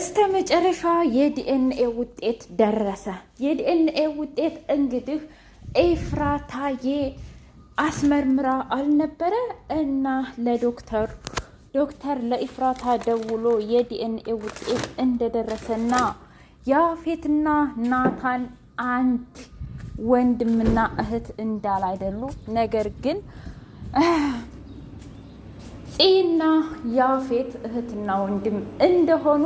እስተ መጨረሻ የዲኤንኤ ውጤት ደረሰ። የዲኤንኤ ውጤት እንግዲህ ኤፍራታዬ አስመርምራ አልነበረ እና ለዶክተር ዶክተር ለኢፍራታ ደውሎ የዲኤንኤ ውጤት እንደደረሰና ያፌትና ናታን አንድ ወንድምና እህት እንዳል አይደሉ ነገር ግን ጽና ያፌት እህትና ወንድም እንደሆኑ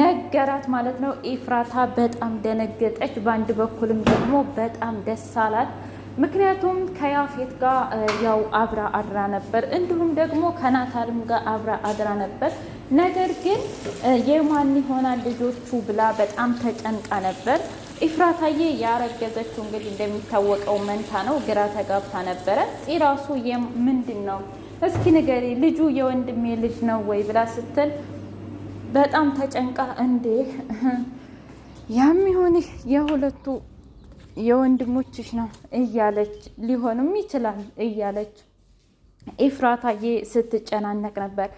ነገራት ማለት ነው። ኤፍራታ በጣም ደነገጠች። በአንድ በኩልም ደግሞ በጣም ደስ አላት። ምክንያቱም ከያፌት ጋር ያው አብራ አድራ ነበር፣ እንዲሁም ደግሞ ከናታልም ጋር አብራ አድራ ነበር። ነገር ግን የማን ይሆናል ልጆቹ ብላ በጣም ተጨንቃ ነበር። ኢፍራታዬ ያረገዘችው እንግዲህ እንደሚታወቀው መንታ ነው። ግራ ተጋብታ ነበረ። ራሱ ምንድን ነው እስኪ ንገሪ፣ ልጁ የወንድሜ ልጅ ነው ወይ ብላ ስትል በጣም ተጨንቃ እንዴ ያም ይሆንህ የሁለቱ የወንድሞችሽ ነው እያለች ሊሆንም ይችላል እያለች ኤፍራታዬ ስትጨናነቅ ነበር።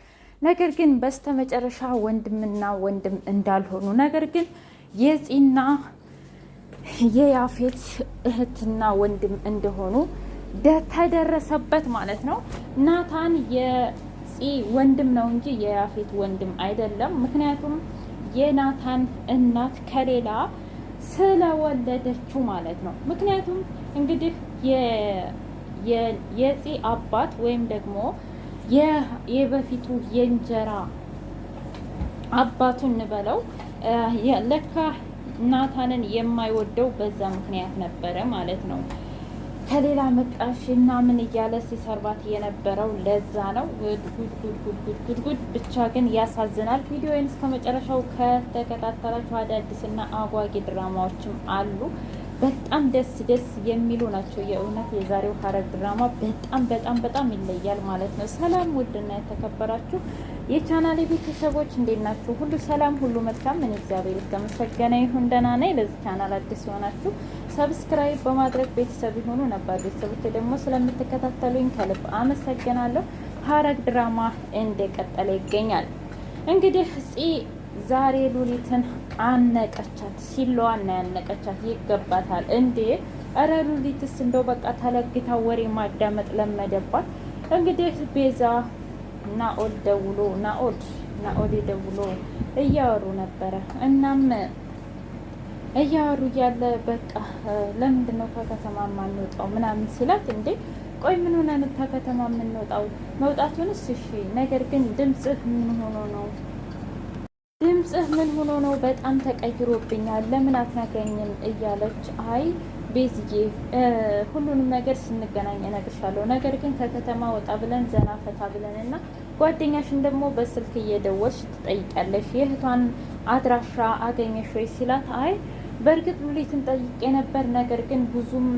ነገር ግን በስተመጨረሻ ወንድምና ወንድም እንዳልሆኑ ነገር ግን የፂና የያፌት እህትና ወንድም እንደሆኑ ተደረሰበት ማለት ነው ናታን ወንድም ነው እንጂ የያፌት ወንድም አይደለም። ምክንያቱም የናታን እናት ከሌላ ስለወለደችው ማለት ነው። ምክንያቱም እንግዲህ የፂ አባት ወይም ደግሞ የበፊቱ የእንጀራ አባቱን እንበለው ለካ ናታንን የማይወደው በዛ ምክንያት ነበረ ማለት ነው። ከሌላ መጣሽ እና ምን እያለ ሲሰርባት የነበረው ለዛ ነው። ጉድጉድጉድጉድጉድ ብቻ ግን ያሳዝናል። ቪዲዮውን እስከ መጨረሻው ከተከታተላችሁ አዳዲስና አጓጊ ድራማዎችም አሉ። በጣም ደስ ደስ የሚሉ ናቸው። የእውነት የዛሬው ሀረግ ድራማ በጣም በጣም በጣም ይለያል ማለት ነው። ሰላም ውድና የተከበራችሁ የቻናል ቤተሰቦች እንዴት ናችሁ? ሁሉ ሰላም፣ ሁሉ መልካም። ምን እግዚአብሔር የተመሰገነ ይሁን። ደህና ነኝ። ለዚህ ቻናል አዲስ የሆናችሁ ሰብስክራይብ በማድረግ ቤተሰብ የሆኑ ነባር ቤተሰቦች ደግሞ ስለምትከታተሉኝ ከልብ አመሰግናለሁ። ሀረግ ድራማ እንደቀጠለ ይገኛል። እንግዲህ ዛሬ ሉሊትን አነቀቻት። ሲለዋን ነው ያነቀቻት። ይገባታል እንዴ! እረ ሉሊትስ እንደው በቃ ተለግታ ወሬ ማዳመጥ ለመደባት። እንግዲህ ቤዛ ናኦል ደውሎ ናኦል ናኦል ደውሎ እያወሩ ነበረ። እናም እያወሩ እያለ በቃ ለምንድን ነው ከከተማ የማንወጣው ምናምን ሲላት እንዴ ቆይ ምን ሆነ ከከተማ የምንወጣው? መውጣቱንስ እሺ፣ ነገር ግን ድምፅህ ምን ሆኖ ነው ድምፅህ ምን ሆኖ ነው? በጣም ተቀይሮብኛል፣ ለምን አትነግረኝም? እያለች አይ ቤዝዬ ሁሉንም ነገር ስንገናኝ እነግርሻለሁ። ነገር ግን ከከተማ ወጣ ብለን ዘና ፈታ ብለን እና ጓደኛሽን ደግሞ በስልክ እየደወልሽ ትጠይቂያለሽ። የእህቷን አድራሻ አገኘሽ ወይ ሲላት አይ በእርግጥ ሉሊትን ጠይቄ ነበር፣ ነገር ግን ብዙም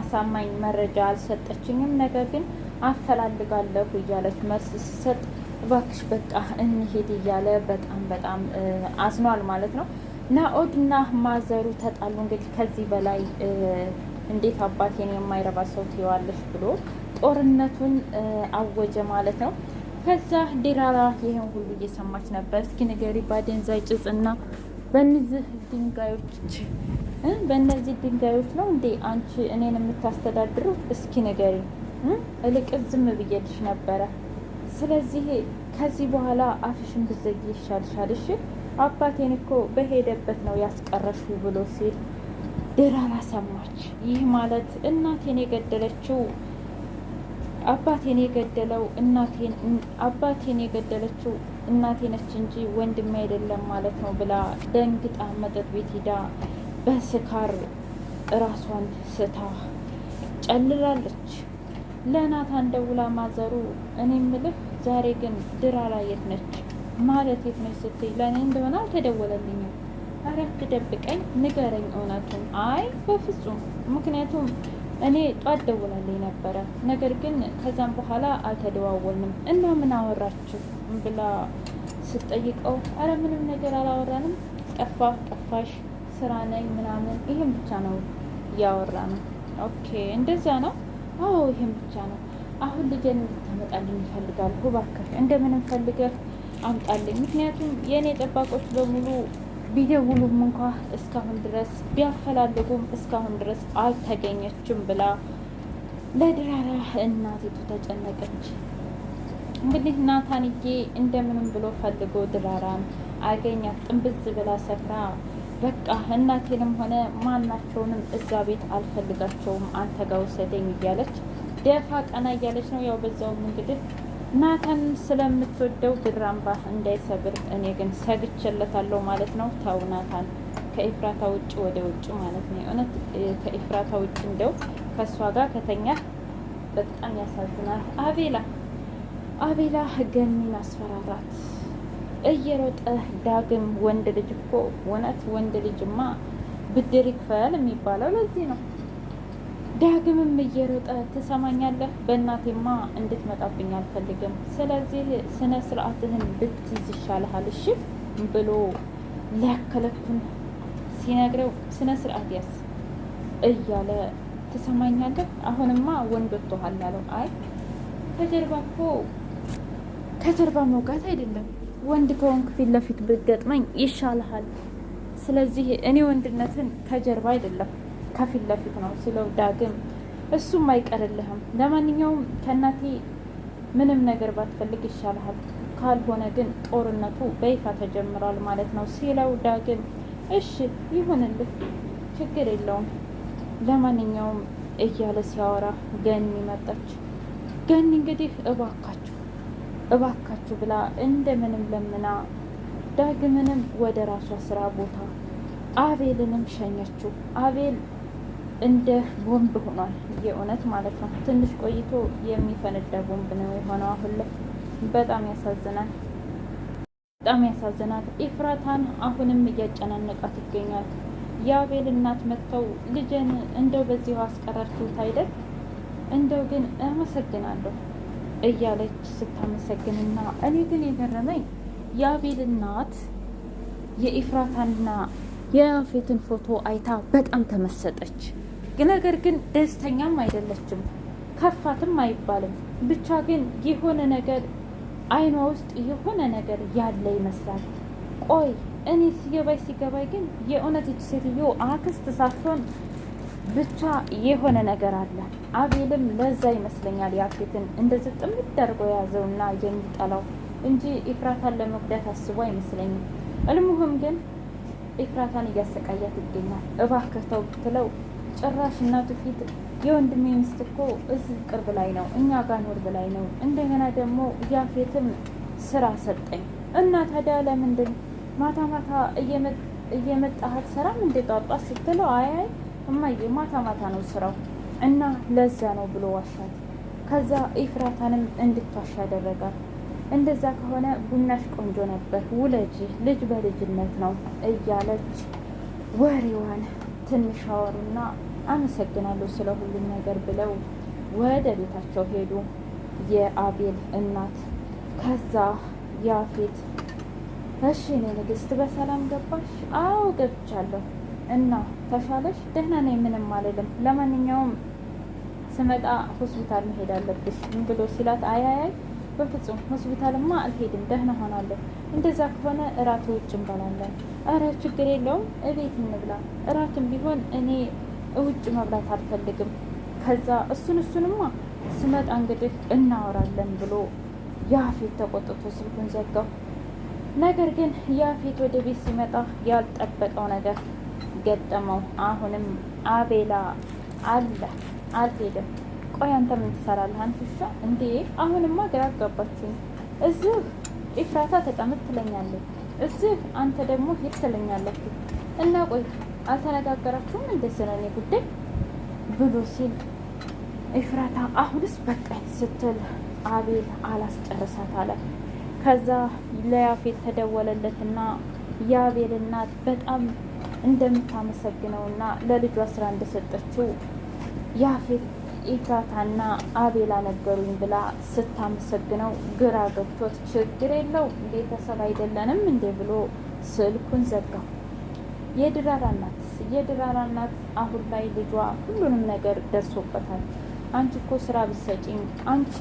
አሳማኝ መረጃ አልሰጠችኝም። ነገር ግን አፈላልጋለሁ እያለች መልስ ስሰጥ እባክሽ በቃ እንሄድ እያለ በጣም በጣም አዝኗል ማለት ነው። ናኦድ እና ማዘሩ ተጣሉ። እንግዲህ ከዚህ በላይ እንዴት አባቴን የማይረባ ሰው ትይዋለሽ ብሎ ጦርነቱን አወጀ ማለት ነው። ከዛ ዲራራ ይህን ሁሉ እየሰማች ነበር። እስኪ ንገሪ ባደንዛዥ ጭጽና እና በእነዚህ ድንጋዮች በእነዚህ ድንጋዮች ነው እንዴ አንቺ እኔን የምታስተዳድሩ? እስኪ ንገሪ እልቅ ዝም ብዬልሽ ነበረ ስለዚህ ከዚህ በኋላ አፍሽን ብዘጊ ይሻልሻልሽ አባቴን እኮ በሄደበት ነው ያስቀረሹ ብሎ ሲል ድራማ ሰማች። ይህ ማለት እናቴን የገደለችው አባቴን የገደለው እናቴን አባቴን የገደለችው እናቴ ነች እንጂ ወንድሜ አይደለም ማለት ነው ብላ ደንግጣ መጠጥ ቤት ሂዳ በስካር ራሷን ስታ ጨልላለች። ለናታን ደውላ ማዘሩ እኔ ምልህ ዛሬ ግን ላይ የት ነች ማለት የት ነች ስትይ ለእኔ እንደሆነ አልተደወለልኝም። ኧረ ትደብቀኝ ንገረኝ እውነቱን። አይ በፍጹም ምክንያቱም እኔ ጧት ደውላልኝ ነበረ፣ ነገር ግን ከዛም በኋላ አልተደዋወልንም እና ምን አወራችሁ ብላ ስትጠይቀው አረ ምንም ነገር አላወራንም፣ ጠፋ ጠፋሽ፣ ስራ ነኝ ምናምን፣ ይህም ብቻ ነው እያወራ ነው። ኦኬ እንደዚያ ነው። አዎ ይህም ብቻ ነው አሁን ልጄን እንድታመጣልኝ እፈልጋለሁ። እባክህ እንደምንም ፈልገህ አምጣልኝ። ምክንያቱም የእኔ ጠባቆች በሙሉ ቢደውሉም እንኳ እስካሁን ድረስ ቢያፈላልጉም እስካሁን ድረስ አልተገኘችም ብላ ለድራራ እናቲቱ ተጨነቀች። እንግዲህ ናታንዬ እንደምንም ብሎ ፈልጎ ድራራን አገኛት። ጥንብዝ ብላ ሰፍራ በቃ እናቴንም ሆነ ማናቸውንም እዛ ቤት አልፈልጋቸውም፣ አንተ ጋ ውሰደኝ እያለች ደፋ ቀና እያለች ነው። ያው በዛውም እንግዲህ ናታን ስለምትወደው ብራምባ እንዳይሰብር እኔ ግን ሰግቼለታለሁ ማለት ነው። ተው ናታን ከኤፍራታ ውጭ ወደ ውጭ ማለት ነው። እውነት ከኤፍራታ ውጭ እንደው ከእሷ ጋር ከተኛ በጣም ያሳዝናል። አቤላ አቤላ ገኒን አስፈራራት። እየሮጠ ዳግም ወንድ ልጅ እኮ እውነት ወንድ ልጅማ ብድር ይክፈል የሚባለው ለዚህ ነው። ዳግምም እየሮጠ ትሰማኛለህ፣ በእናቴማ እንድትመጣብኝ አልፈልግም። ስለዚህ ስነ ስርዓትህን ብትይዝ ይሻልሃል፣ እሺ ብሎ ሊያከለኩን ሲነግረው ስነ ስርዓት ያስ እያለ ትሰማኛለህ፣ አሁንማ ወንድ ወጥቶሃል አለው። አይ ከጀርባ እኮ ከጀርባ መውጋት አይደለም ወንድ ከሆንክ ፊት ለፊት ብትገጥመኝ ይሻልሃል። ስለዚህ እኔ ወንድነትን ከጀርባ አይደለም ከፊት ለፊት ነው ስለው ዳግም እሱም አይቀርልህም። ለማንኛውም ከእናቴ ምንም ነገር ባትፈልግ ይሻልሃል፣ ካልሆነ ግን ጦርነቱ በይፋ ተጀምሯል ማለት ነው ሲለው ዳግም እሺ ይሁንልህ፣ ችግር የለውም ለማንኛውም እያለ ሲያወራ ገኒ መጣች። ገኒ እንግዲህ እባካችሁ እባካችሁ ብላ እንደምንም ለምና ዳግምንም ወደ ራሷ ስራ ቦታ አቤልንም ሸኘችው። አቤል እንደ ቦምብ ሆኗል። የእውነት ማለት ነው። ትንሽ ቆይቶ የሚፈነዳ ቦምብ ነው የሆነው አሁን ላይ። በጣም ያሳዝናል፣ በጣም ያሳዝናል። ኤፍራታን አሁንም እያጨናነቃት ይገኛል። የአቤል እናት መጥተው ልጄን እንደው በዚሁ አስቀረርኩት አይደል? እንደው ግን አመሰግናለሁ እያለች ስታመሰግንና እኔ ግን የገረመኝ የአቤል እናት የኤፍራታና የያፌትን ፎቶ አይታ በጣም ተመሰጠች። ነገር ግን ደስተኛም አይደለችም፣ ከፋትም አይባልም። ብቻ ግን የሆነ ነገር አይኗ ውስጥ የሆነ ነገር ያለ ይመስላል። ቆይ እኔ ሲገባይ ሲገባይ ግን የእውነት እች ሴትዮ አክስት ሳትሆን ብቻ የሆነ ነገር አለ። አቤልም ለዛ ይመስለኛል ያፌትን እንደዚህ ጥምድ የያዘው የያዘውና የሚጠላው እንጂ ኤፍራታን ለመጉዳት አስቦ አይመስለኝም። እልሙህም ግን ኤፍራታን እያሰቃያት ይገኛል። እባክህ ተው ብትለው ጭራሽ እናቱ ፊት የወንድሜ ሚስት እኮ እዚህ ቅርብ ላይ ነው እኛ ጋር ብላይ ነው። እንደገና ደግሞ ያፌትም ስራ ሰጠኝ እና ታዲያ ለምንድን ማታ ማታ እየመጣሀት ስራም እንደ ጧጧ ስትለው አያይ እማዬ ማታ ማታ ነው ስራው እና ለዛ ነው ብሎ ዋሻት። ከዛ ኢፍራታንም እንድትዋሻ ያደረጋል እንደዛ ከሆነ ቡናሽ ቆንጆ ነበር፣ ውለጅ ልጅ በልጅነት ነው እያለች ወሬዋን ትንሽ አወሩና አመሰግናለሁ ስለ ሁሉም ነገር ብለው ወደ ቤታቸው ሄዱ። የአቤል እናት ከዛ ያፌት እሺ እኔ ንግስት በሰላም ገባሽ? አዎ ገብቻለሁ። እና ተሻለሽ? ደህና ነኝ፣ ምንም አልልም። ለማንኛውም ስመጣ ሆስፒታል መሄድ አለብሽ ብሎ ሲላት አያያይ በፍጹም ሆስፒታልማ አልሄድም፣ ደህና ሆናለሁ። እንደዛ ከሆነ እራት ውጭ እንበላለን። አረ ችግር የለውም፣ እቤት እንብላ። እራትም ቢሆን እኔ እውጭ መብላት አልፈልግም። ከዛ እሱን እሱንማ ስመጣ እንግዲህ እናወራለን ብሎ ያፌት ተቆጥቶ ስልኩን ዘጋው። ነገር ግን ያፌት ወደ ቤት ሲመጣ ያልጠበቀው ነገር ገጠመው። አሁንም አቤላ አለ አልሄድም። ቆይ አንተ ምን ትሰራለህ? አንተ ውሻ እንዴ! አሁንማ ግራ አጋባችሁኝ። እዚህ ኤፍራታ ተቀምጥ ትለኛለህ፣ እዚህ አንተ ደግሞ ሂድ ትለኛላችሁ እና ቆይ አልተነጋገራችሁም እንደዚህ ነው እኔ ጉዳይ ብሎ ሲል ኤፍራታ አሁንስ በቃኝ ስትል አቤል አላስጨርሳት አለ። ከዛ ለያፌት ተደወለለትና የአቤል እናት በጣም እንደምታመሰግነውና ለልጇ ስራ እንደሰጠችው ያፌት ኤፍራታና አቤላ ነገሩኝ ብላ ስታመሰግነው ግራ ገብቶት ችግር የለው ቤተሰብ አይደለንም እንዴ ብሎ ስልኩን ዘጋው። የድራራ እናት የድራራ እናት አሁን ላይ ልጇ ሁሉንም ነገር ደርሶበታል። አንቺ እኮ ስራ ብትሰጪኝ፣ አንቺ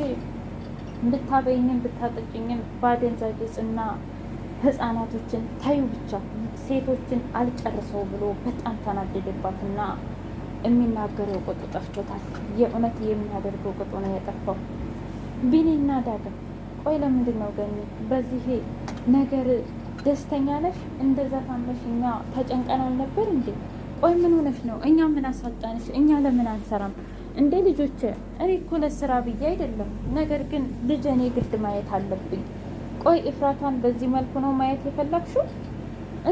ብታበይኝም ብታጠጭኝም በአደንዛዥ ዕፅ እና ህጻናቶችን ታዩ ብቻ ሴቶችን አልጨርሰው ብሎ በጣም ተናደደባትና የሚናገረው ቅጡ ጠፍቶታል። የእውነት የሚያደርገው ቅጡ ነው የጠፋው። ቢኒና ዳግም ቆይ ለምንድን ነው ገኝ በዚህ ነገር ደስተኛ ነሽ? እንደዛ ታመሽ እኛ ተጨንቀን አልነበር እንዴ? ቆይ ምን ሆነሽ ነው? እኛ ምን አሳጣንሽ? እኛ ለምን አንሰራም እንዴ? ልጆቼ፣ እኔ እኮ ለስራ ብዬ አይደለም፣ ነገር ግን ልጅ እኔ ግድ ማየት አለብኝ። ቆይ እፍራቷን በዚህ መልኩ ነው ማየት የፈለግሽው?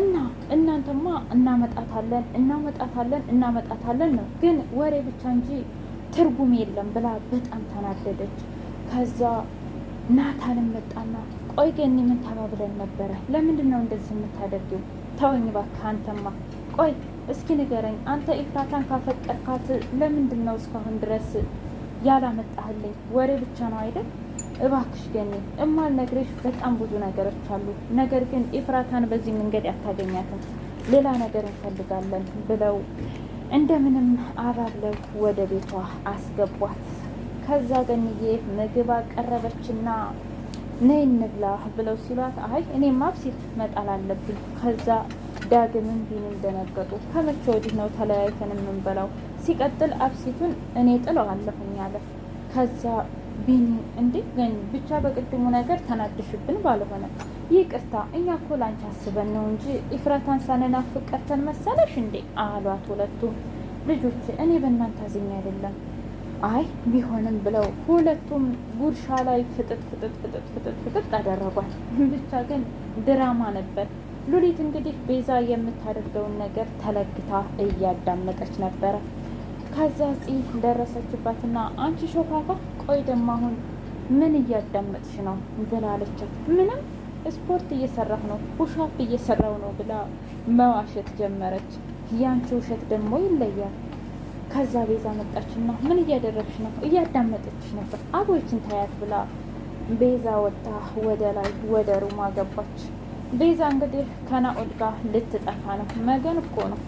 እና እናንተማ እናመጣታለን እናመጣታለን እናመጣታለን ነው፣ ግን ወሬ ብቻ እንጂ ትርጉም የለም ብላ በጣም ተናደደች። ከዛ ናታንም መጣና ቆይ ገኒ ምን ተባብለን ነበረ? ለምንድን ነው እንደዚህ የምታደርጊው? ተወኝ እባክህ። አንተማ ቆይ እስኪ ንገረኝ፣ አንተ ኤፍራታን ካፈቀርካት ለምንድን ነው እስካሁን ድረስ ያላመጣህልኝ? ወሬ ብቻ ነው አይደል? እባክሽ ገኒ፣ እማልነግርሽ በጣም ብዙ ነገሮች አሉ። ነገር ግን ኤፍራታን በዚህ መንገድ አታገኛትም። ሌላ ነገር እንፈልጋለን ብለው እንደምንም አባብለው ወደ ቤቷ አስገቧት። ከዛ ገንዬ ምግብ አቀረበችና ነይ እንብላ ብለው ሲሏት አይ እኔ ማብሲት መጣል አለብኝ። ከዛ ዳግምን ቢንም ደነገጡ። ከመቼ ወዲህ ነው ተለያይተን የምንበላው? ሲቀጥል አብሲቱን እኔ ጥለዋለሁኝ አለ። ከዛ ቢኒ እንዴ ብቻ በቅድሙ ነገር ተናድሽብን ባልሆነ ይቅርታ፣ እኛ እኮ ላንቺ አስበን ነው እንጂ ኢፍራታን ሳንናፍቅ ቀርተን መሰለሽ እንዴ አሏት። ሁለቱም ልጆች እኔ በእናንተ አዝኛ አይደለም አይ ቢሆንም ብለው ሁለቱም ጉርሻ ላይ ፍጥጥ ፍጥጥ ፍጥጥ ፍጥጥ ፍጥጥ አደረጓል። ብቻ ግን ድራማ ነበር። ሉሊት እንግዲህ ቤዛ የምታደርገውን ነገር ተለግታ እያዳመጠች ነበረ። ከዛ ፂ ደረሰችባትና አንቺ ሾካካ፣ ቆይ ደማ አሁን ምን እያዳመጥሽ ነው ብላለቻት። ምንም ስፖርት እየሰራሁ ነው፣ ውሻፕ እየሰራው ነው ብላ መዋሸት ጀመረች። ያንቺ ውሸት ደግሞ ይለያል ከዛ ቤዛ መጣችና ምን እያደረግሽ ነው? እያዳመጠች ነበር። አቦይችን ታያት ብላ ቤዛ ወጣ ወደ ላይ ወደ ሩማ ገባች። ቤዛ እንግዲህ ከናኦድ ጋር ልትጠፋ ነው። መገን እኮ ነው